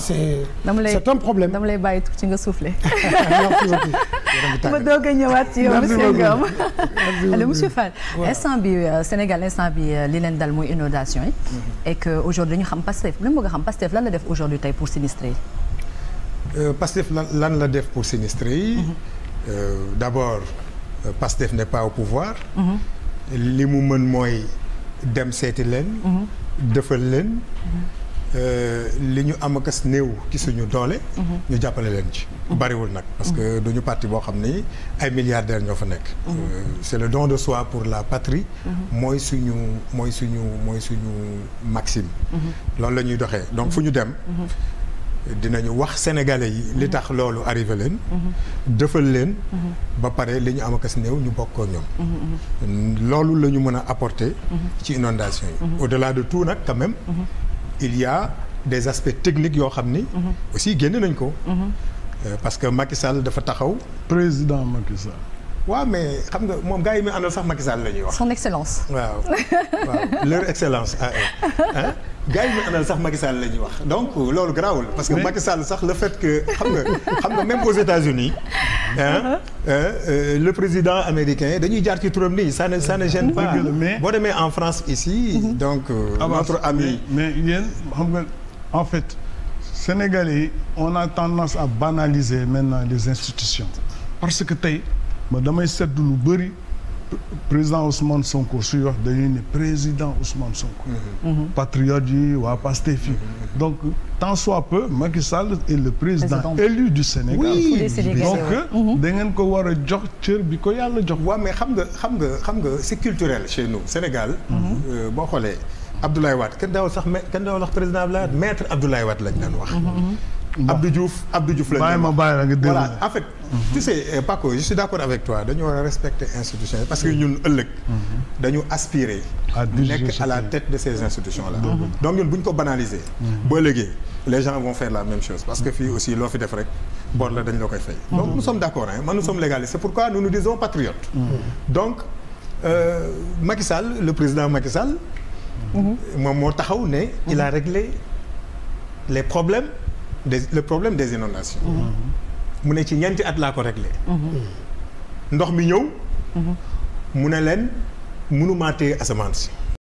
c'est c'est problème dama lay bàyyi tuuti nga soufflé. ma doog a ñëwaat ci yow monsieur Ngom. alors monsieur Fall instant bi euh, Sénégal instant bi euh, li leen dal mooy inondation yi. Mhm. et que aujourd'hui ñu xam Pastef lu a xam Pastef lan la def aujourd'hui tey pour sinistré yi. Euh, Pastef la def pour sinistré yi. Mhm. d'abord Pastef n'est pas au pouvoir. Mhm. li mu mën mooy dem seeti leen. defal leen. Euh, li ñu am akas néew ki suñu doole. ñu jàppale leen ci. bariwul nag parce que du ñu parti boo xam ni ay milliardaires ñoo fa nekk. Euh, c'est le don de soi pour la patrie. mooy suñu mooy suñu mooy suñu maxime. loolu la ñuy doxee donc fu ñu dem. dinañu wax sénégalais yi li tax loolu arrivé leen defal leen ba pare li ñu am akas néew ñu bokkoo ñoom loolu lañu mën a apporter ci inondation yi au-delà de tout nag quand même il y a des aspects techniques yoo xam ni. Mhm. aussi génn nañ ko. Mhm. Euh, parce que Macky Sall dafa taxaw. président Macky Sall. waaw mais xam nga moom gars yi muy àndal sax Macky Sall wax. son excellence. waaw leur excellence à eux. gars yi ñu àndal sax Macky Sall la ñuy wax donc loolu garaawul. parce que Macky Sall sax le fait que xam nga xam nga même aux États-Unis uh-huh. euh, le président américain dañuy jaar ci turam nii ça ne ça ne mais pas boo demee en France ici. Uh-huh. donc euh, ah, notre ami. mais yéen xam nga en fait Sénégalais on a tendance à banaliser maintenant les institutions parce que tey ma damay seddu lu bëri. président Ousmane Sonko suy wax dañuy ne président Ousmane son mhm. patriote yi waa Pastef yi mhm. donc tant soit peu Macky Sall est le président élu du Sénégal. donc mhm. da ngeen ko war a jox cër bi ko yàlla jox. waaw mais xam nga xam nga xam nga c'est culturel chez nous Sénégal. Euh, boo xoolee Abdoulaye Wade kenn daawul sax kenn daawul wax président Abdoulaye Wade maître Abdoulaye Wade lañ daan wax. Abdou Diouf Abdou Diouf la bàyyi ma bàyyi la nga déglu voilà en fait. tu sais eh, Paco je suis d'accord avec toi dañu war a institution parce que ñun ëllëg. Mhm. dañu aspirer. nekk à la tête de ces institutions la mhm. mhm. donc ñun bu ñu ko banaliser. ba léegi les gens vont faire la même chose parce que fii aussi loo fi def rek bor la dañ la koy fay. donc nous sommes d'accord man nous sommes légalistes c'est pourquoi nous nous disons patriotes. donc euh, Macky Sall le président Macky Sall. moom moo taxaw ne. il a réglé des le problème des inondations mm-hmm. mu ne ci ñeenti at laa ko réglé mm-hmm. ndox mi ñëw mm-hmm. mu ne leen mënumaa téye asamaan si